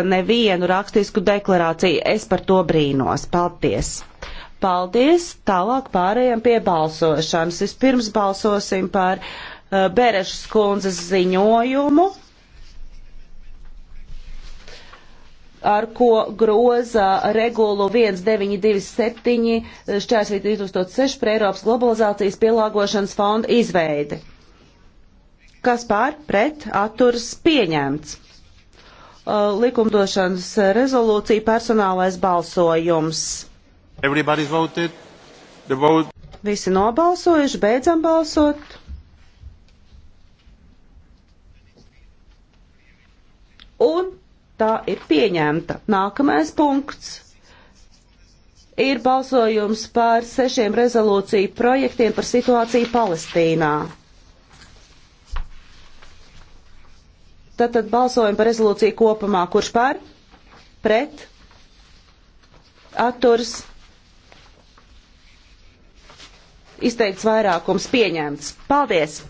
nevienu rakstisku deklarāciju. Es par to brīnos. Paldies! Paldies! Tālāk pārējām pie balsošanas. Vispirms balsosim par uh, Berešas kundzes ziņojumu, ar ko groza regulu 1927 šķērsvīt 2006 par Eiropas globalizācijas pielāgošanas fondu izveidi. Kas pār pret atturs pieņemts? Uh, likumdošanas rezolūcija personālais balsojums. Vote... Visi nobalsojuši, beidzam balsot. Un tā ir pieņemta. Nākamais punkts ir balsojums par sešiem rezolūciju projektiem par situāciju Palestīnā. Tad, tad balsojam par rezolūciju kopumā. Kurš par? Pret? Atturs? Izteikts vairākums pieņemts. Paldies!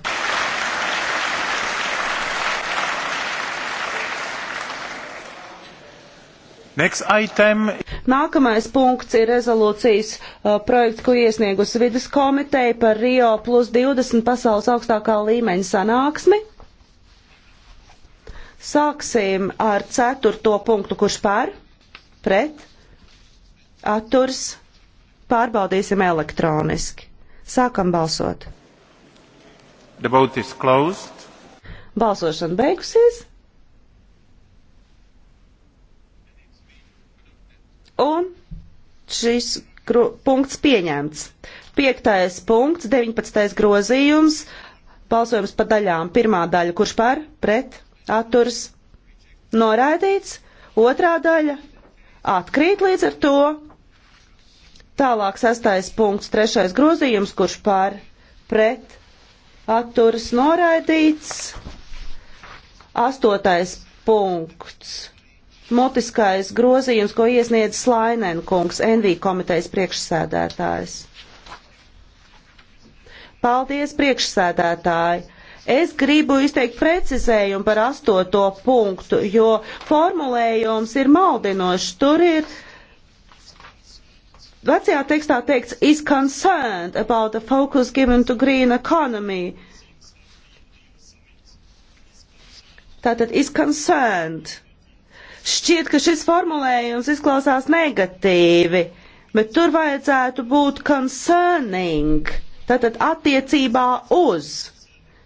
Nākamais punkts ir rezolūcijas uh, projekts, ko iesniegusi vidas komiteja par Rio plus 20 pasaules augstākā līmeņa sanāksmi. Sāksim ar ceturto punktu, kurš pār, pret, atturs, pārbaudīsim elektroniski. Sākam balsot. The vote is closed. Balsošana beigusies. Un šis punkts pieņemts. Piektais punkts, 19. grozījums, balsojums pa daļām. Pirmā daļa, kurš par, pret, atturs noraidīts, otrā daļa atkrīt līdz ar to. Tālāk sastais punkts, trešais grozījums, kurš pār pret atturas noraidīts. Astotais punkts, mutiskais grozījums, ko iesniedz Slainenkungs, NV komitejas priekšsēdētājs. Paldies, priekšsēdētāji! Es gribu izteikt precizējumu par astoto punktu, jo formulējums ir maldinošs. Tur ir vecajā tekstā teikts is concerned about the focus given to green economy. Tātad is concerned. Šķiet, ka šis formulējums izklausās negatīvi, bet tur vajadzētu būt concerning. Tātad attiecībā uz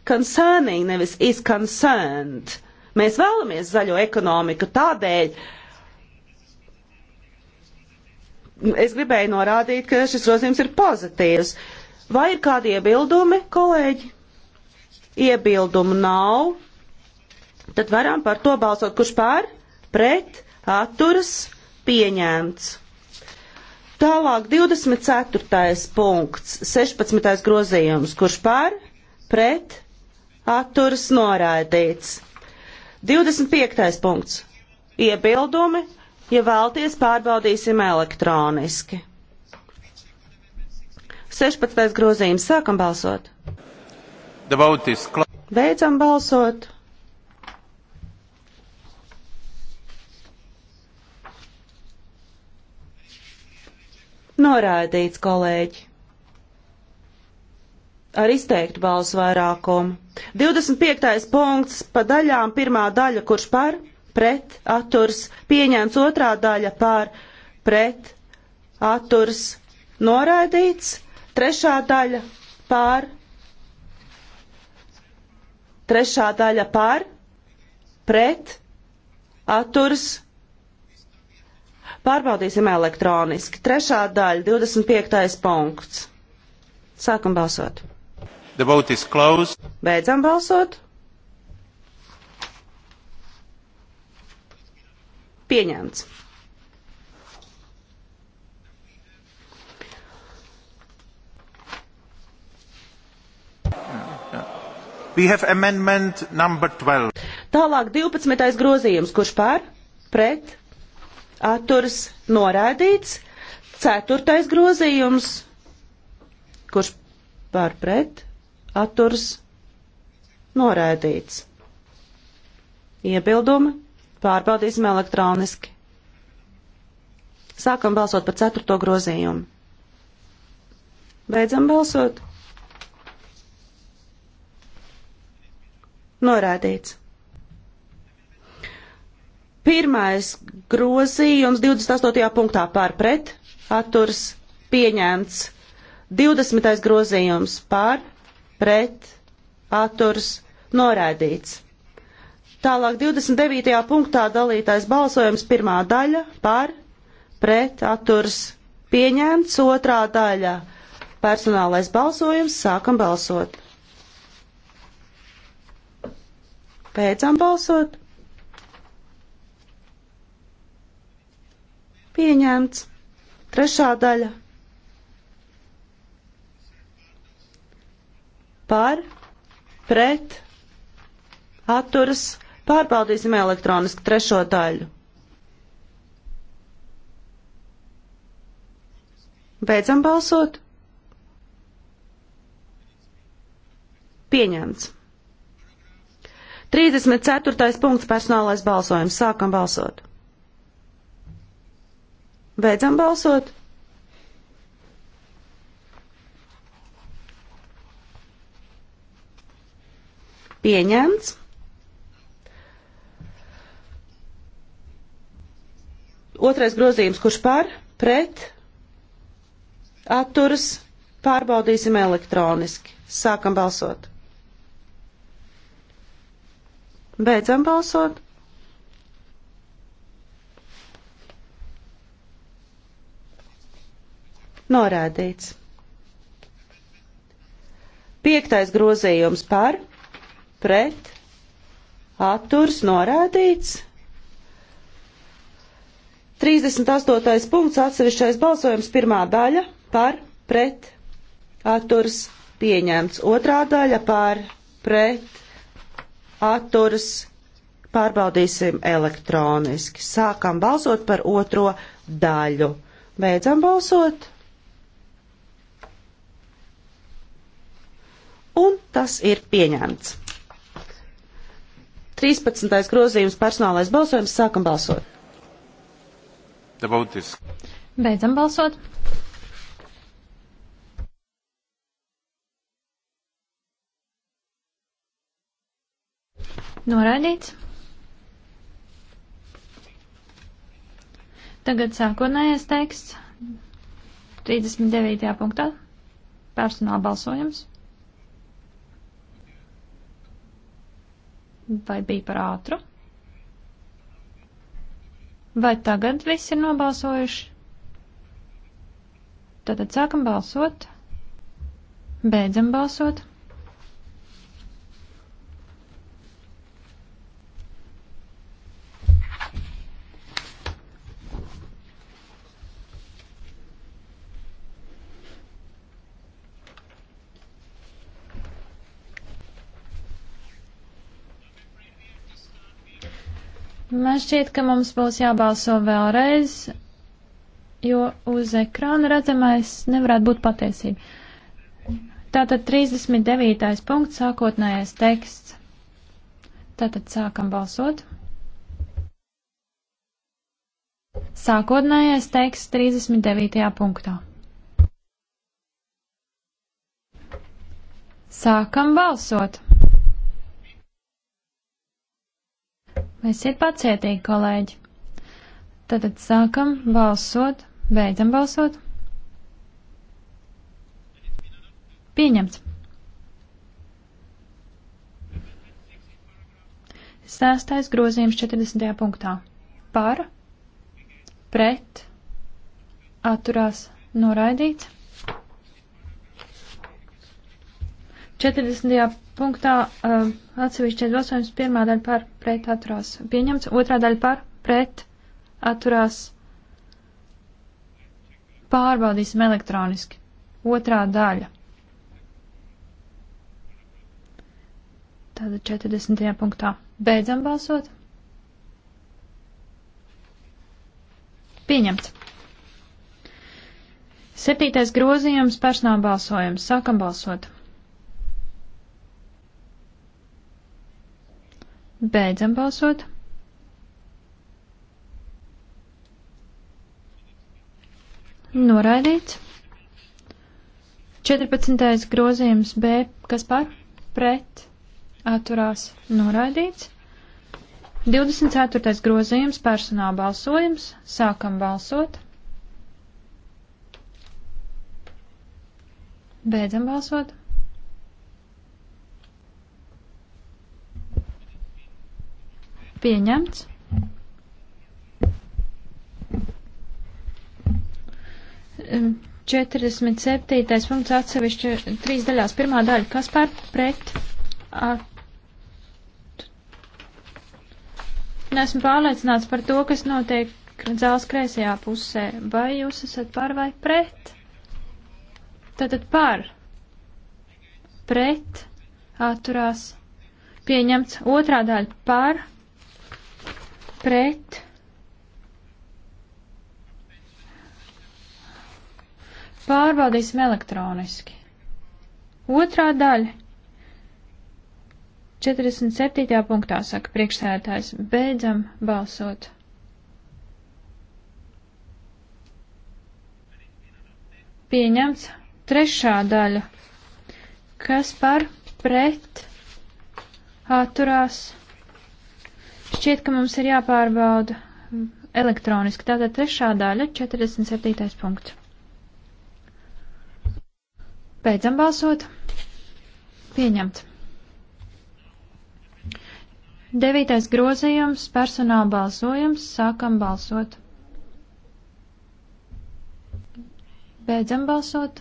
concerning, nevis is concerned. Mēs vēlamies zaļo ekonomiku tādēļ, es gribēju norādīt, ka šis grozījums ir pozitīvs. Vai ir kādi iebildumi, kolēģi? Iebildumu nav. Tad varam par to balsot, kurš pār, pret, atturas, pieņēmts. Tālāk 24. punkts, 16. grozījums, kurš pār, pret, atturas noraidīts. 25. punkts. Iebildumi, ja vēlties, pārbaudīsim elektroniski. 16. grozījums. Sākam balsot. Beidzam balsot. Norādīts, kolēģi ar izteiktu balsu vairākumu. 25. punkts pa daļām pirmā daļa, kurš par, pret, atturs, pieņemts otrā daļa par, pret, atturs, noraidīts, trešā daļa par, trešā daļa par, pret, atturs, pārbaudīsim elektroniski, trešā daļa, 25. punkts. Sākam balsot! The vote is closed. Beidzam balsot. Pieņemts. Tālāk 12. grozījums, kurš pār, pret, atturas, norādīts. 4. grozījums, kurš pār, pret, atturs norēdīts. Iebildumi pārbaudīsim elektroniski. Sākam balsot par ceturto grozījumu. Beidzam balsot. Norādīts. Pirmais grozījums 28. punktā pār pret, atturs pieņemts. 20. grozījums pār pret, atturs, norādīts. Tālāk 29. punktā dalītais balsojums pirmā daļa par, pret, atturs, pieņemts, otrā daļa personālais balsojums, sākam balsot. Beidzam balsot. Pieņemts. Trešā daļa par, pret, atturas, pārbaudīsim elektroniski trešo daļu. Beidzam balsot. Pieņemts. 34. punkts personālais balsojums. Sākam balsot. Beidzam balsot. pieņemts. Otrais grozījums, kurš par, pret, atturas, pārbaudīsim elektroniski. Sākam balsot. Beidzam balsot. Norādīts. Piektais grozījums par pret, atturs norādīts. 38. punkts atsevišķais balsojums pirmā daļa par, pret, atturs pieņemts. Otrā daļa par, pret, atturs pārbaudīsim elektroniski. Sākam balsot par otro daļu. Beidzam balsot. Un tas ir pieņemts. 13. grozījums personālais balsojums. Sākam balsot. Dabautis. Beidzam balsot. Noraidīts. Tagad sākotnējais teksts 39. punktā personāla balsojums. Vai bija par ātru? Vai tagad viss ir nobalsojuši? Tātad sākam balsot, beidzam balsot. Man šķiet, ka mums būs jābalso vēlreiz, jo uz ekrāna redzamais nevarētu būt patiesība. Tātad 39. punkts, sākotnējais teksts. Tātad sākam balsot. Sākotnējais teksts 39. punktā. Sākam balsot! Esiet pacietīgi, kolēģi. Tātad sākam balsot, beidzam balsot. Pieņemts. Sēstais grozījums 40. punktā. Par, pret, atturās, noraidīts. 40 punktā uh, atsevišķais balsojums pirmā daļa par pret atturās pieņemts, otrā daļa par pret atturās pārbaudīsim elektroniski. Otrā daļa. Tātad 40. punktā. Beidzam balsot. Pieņemts. Septītais grozījums personāla balsojums. Sākam balsot. Beidzam balsot. Noraidīts. 14. grozījums B, kas par pret atturās noraidīts. 24. grozījums personāla balsojums. Sākam balsot. Beidzam balsot. Pieņemts. Četrdesmit septītais punkts atsevišķi trīs daļās. Pirmā daļa, kas par pret? At... Nesmu pārliecināts par to, kas notiek zāles kreisajā pusē. Vai jūs esat par vai pret? Tātad par pret, atturās, pieņemts otrā daļa par, pret pārbaudīsim elektroniski. Otrā daļa 47. punktā saka priekšsēdētājs. Beidzam balsot. Pieņemts trešā daļa. Kas par pret atturās? Šķiet, ka mums ir jāpārbauda elektroniski. Tātad trešā daļa, 47. punkts. Beidzam balsot. Pieņemts. Devītais grozījums, personāla balsojums, sākam balsot. Beidzam balsot.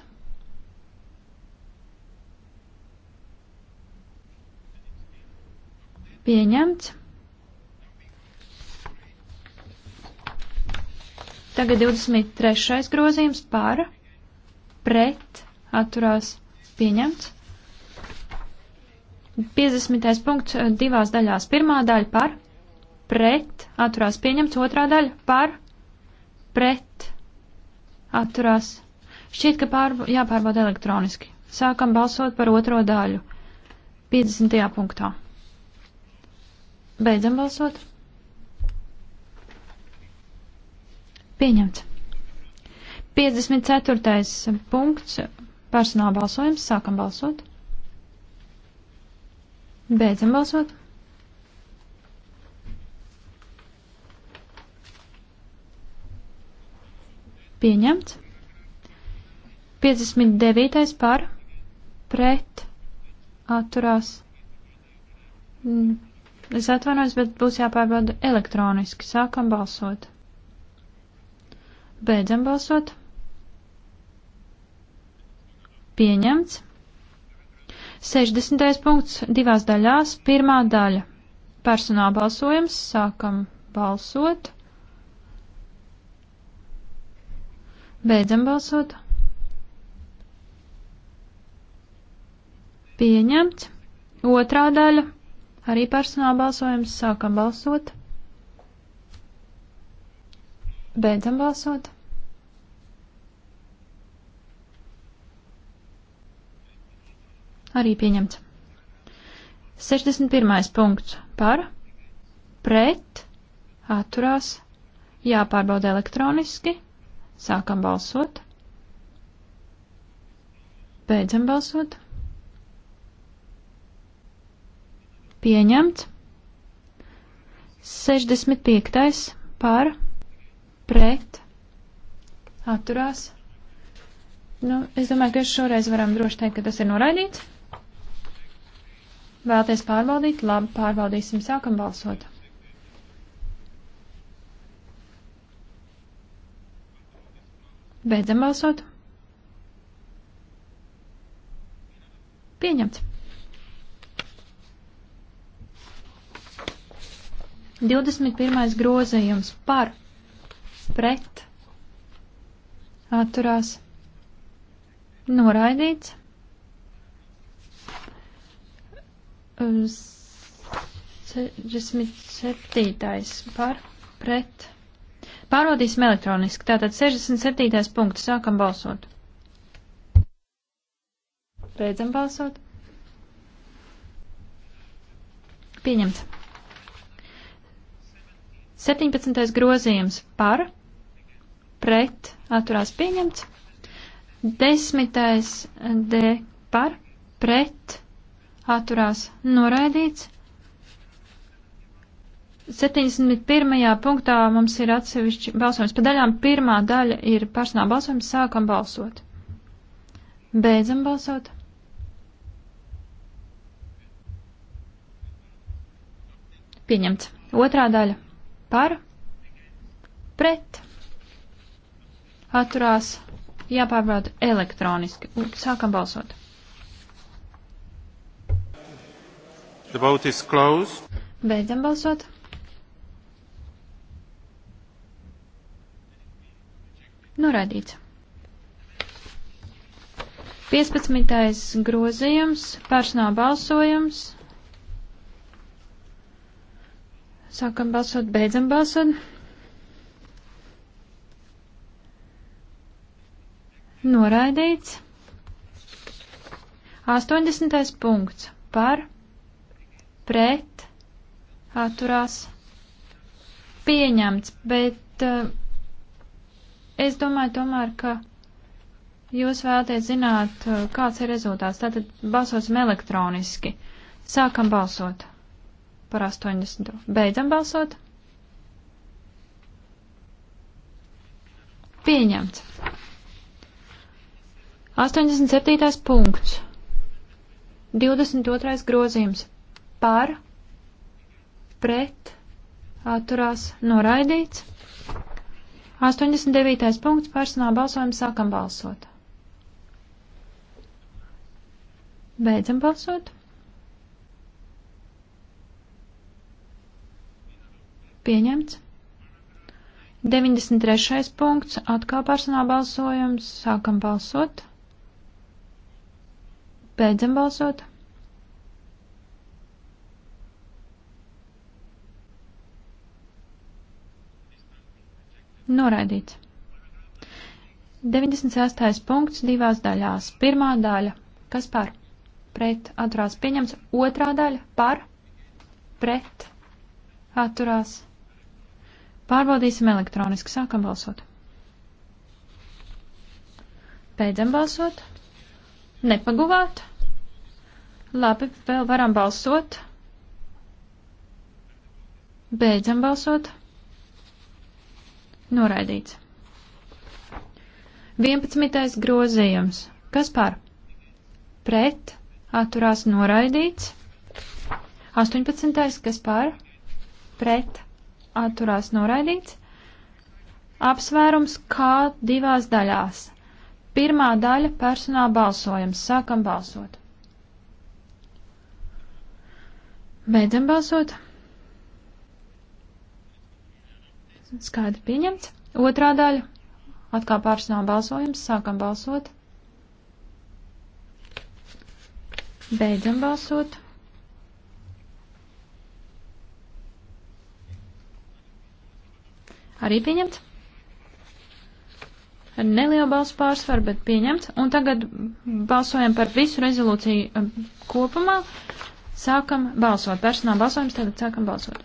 Pieņemts. Tagad 23. grozījums par, pret, atturās, pieņemts. 50. punkts eh, divās daļās. Pirmā daļa par, pret, atturās, pieņemts. Otrā daļa par, pret, atturās. Šķiet, ka pār, jāpārbauda elektroniski. Sākam balsot par otro daļu. 50. punktā. Beidzam balsot. Pieņemts. 54. punkts. Personāla balsojums. Sākam balsot. Beidzam balsot. Pieņemts. 59. par pret atturās. Mm. Es atvainojos, bet būs jāpārbauda elektroniski. Sākam balsot. Beidzam balsot. Pieņemts. 60. punkts divās daļās. Pirmā daļa. Personāla balsojums. Sākam balsot. Beidzam balsot. Pieņemts. Otrā daļa. Arī personāla balsojums. Sākam balsot. Beidzam balsot. Arī pieņemts. 61. punkts par, pret, atturās, jāpārbauda elektroniski, sākam balsot, beidzam balsot, pieņemts, 65. par, pret, atturās. Nu, es domāju, ka šoreiz varam droši teikt, ka tas ir noraidīts. Vēlties pārbaudīt? Labi, pārbaudīsim, sākam balsot. Beidzam balsot. Pieņemts. 21. grozījums par, pret, atturās, noraidīts. 67. Um, par pret. Pārbaudīsim elektroniski. Tātad 67. punkts. Sākam balsot. Beidzam balsot. Pieņemts. 17. grozījums par, pret, atturās pieņemts. 10. D par, pret, atturās noraidīts. 71. punktā mums ir atsevišķi balsojums pa daļām. Pirmā daļa ir personāla balsojums, sākam balsot. Beidzam balsot. Pieņemts. Otrā daļa par, pret, atturās, jāpārbauda elektroniski. Sākam balsot. The vote is closed. Beidzam balsot. Norādīts. 15. grozījums, personāla balsojums. Sākam balsot, beidzam balsot. Noraidīts. 80. punkts par pret, atturās, pieņemts, bet uh, es domāju tomēr, ka jūs vēlaties zināt, uh, kāds ir rezultāts. Tātad balsosim elektroniski. Sākam balsot par 80. Beidzam balsot. Pieņemts. 87. punkts. 22. grozījums par, pret, atturās, noraidīts. 89. punkts personāla balsojuma sākam balsot. Beidzam balsot. Pieņemts. 93. punkts atkal personāla balsojums sākam balsot. Beidzam balsot. Noraidīts. 96. punkts divās daļās. Pirmā daļa. Kas par? Pret atturās pieņemts. Otrā daļa. Par? Pret atturās. Pārbaudīsim elektroniski. Sākam balsot. Beidzam balsot. Nepaguvāt. Labi, vēl varam balsot. Beidzam balsot. Noraidīts. 11. grozījums. Kas par? Pret. Atturās noraidīts. 18. kas par? Pret. Atturās noraidīts. Apsvērums kā divās daļās. Pirmā daļa - personāla balsojums. Sākam balsot. Beidzam balsot. Skaidri pieņemts. Otrā daļa. Atkal pārsnāv balsojums. Sākam balsot. Beidzam balsot. Arī pieņemts. Ar nelielu balsu pārsvaru, bet pieņemts. Un tagad balsojam par visu rezolūciju um, kopumā. Sākam balsot. Personāla balsojums tagad sākam balsot.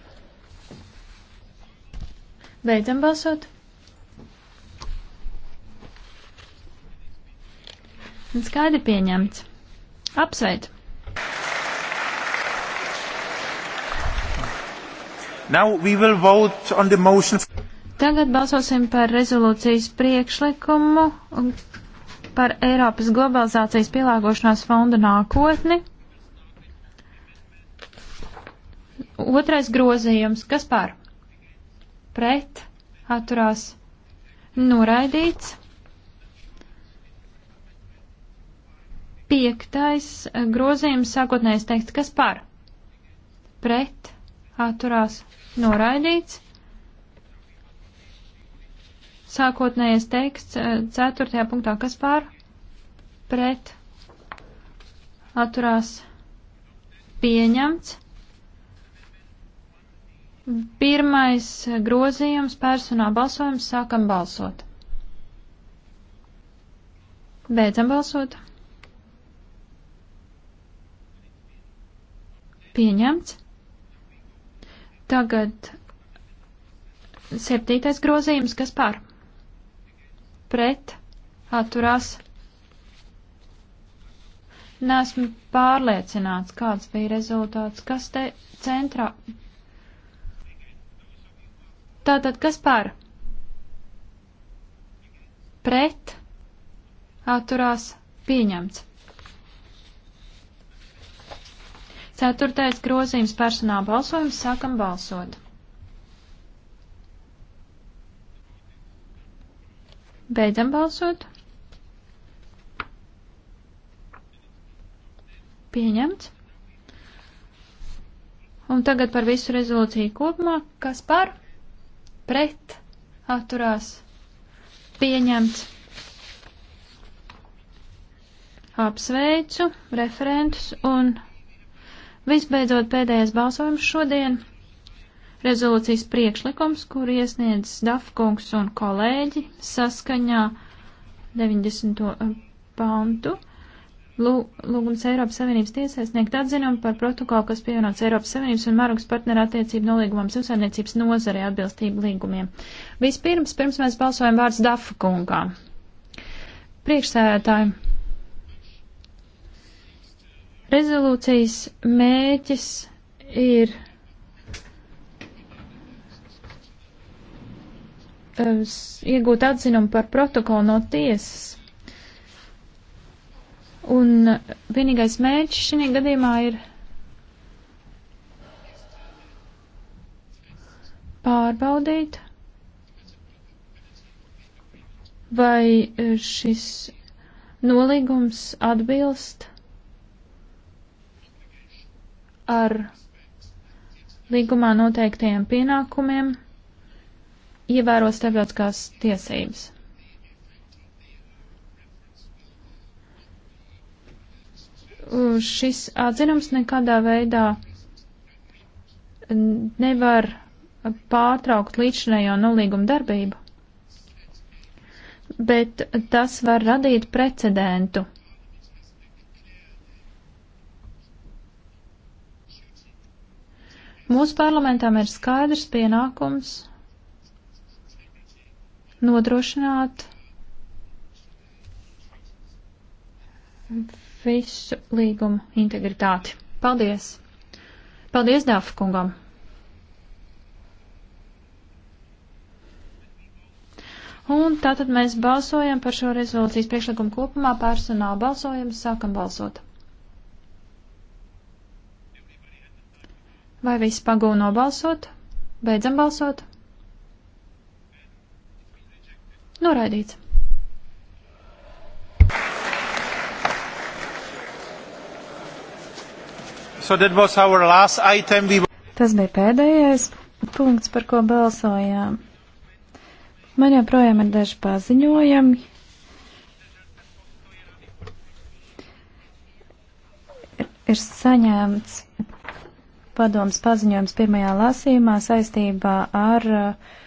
Beidzam balsot. Un skaidri pieņemts. Apsveic. Now we will vote on the motion. Tagad balsosim par rezolūcijas priekšlikumu par Eiropas globalizācijas pielāgošanās fonda nākotni. Otrais grozījums. Kas pār? pret, atturās, noraidīts. Piektais grozījums sākotnējais teikts, kas par, pret, atturās, noraidīts. Sākotnējais teksts eh, ceturtajā punktā, kas pār, pret, atturās, pieņemts. Pirmais grozījums personā balsojums sākam balsot. Beidzam balsot. Pieņemts. Tagad septītais grozījums, kas pār? Pret atturās. Nesmu pārliecināts, kāds bija rezultāts, kas te centrā Tātad, kas par? Pret. Atturās. Pieņemts. Ceturtais grozījums personāla balsojums. Sākam balsot. Beidzam balsot. Pieņemts. Un tagad par visu rezolūciju kopumā. Kas par? pret atturās pieņemts. Apsveicu referentus un visbeidzot pēdējais balsojums šodien. Rezolūcijas priekšlikums, kur iesniedz Dafkungs un kolēģi saskaņā 90. Eh, pantu lūgums Eiropas Savienības tiesai sniegt atzinumu par protokolu, kas pievienots Eiropas Savienības un Marokas partneru attiecību nolīgumam zivsaimniecības nozarei atbilstību līgumiem. Vispirms, pirms mēs balsojam vārds Dafa kungā. Priekšsēdētāji, rezolūcijas mēķis ir eh, iegūt atzinumu par protokolu no tiesas Un vienīgais mērķis šī gadījumā ir pārbaudīt, vai šis nolīgums atbilst ar līgumā noteiktajiem pienākumiem, ievēros starptautiskās tiesības. šis atzinums nekādā veidā nevar pārtraukt līdzinējo nolīgumu darbību, bet tas var radīt precedentu. Mūsu parlamentām ir skaidrs pienākums nodrošināt visu līgumu integritāti. Paldies! Paldies Dāfa kungam! Un tātad mēs balsojam par šo rezolūcijas priekšlikumu kopumā, personāla balsojumu, sākam balsot. Vai viss pagūna nobalsot? Beidzam balsot? Noraidīts. So we... Tas bija pēdējais punkts, par ko balsojām. Man joprojām ir daži paziņojami. Ir saņemts padoms paziņojums pirmajā lasījumā saistībā ar uh,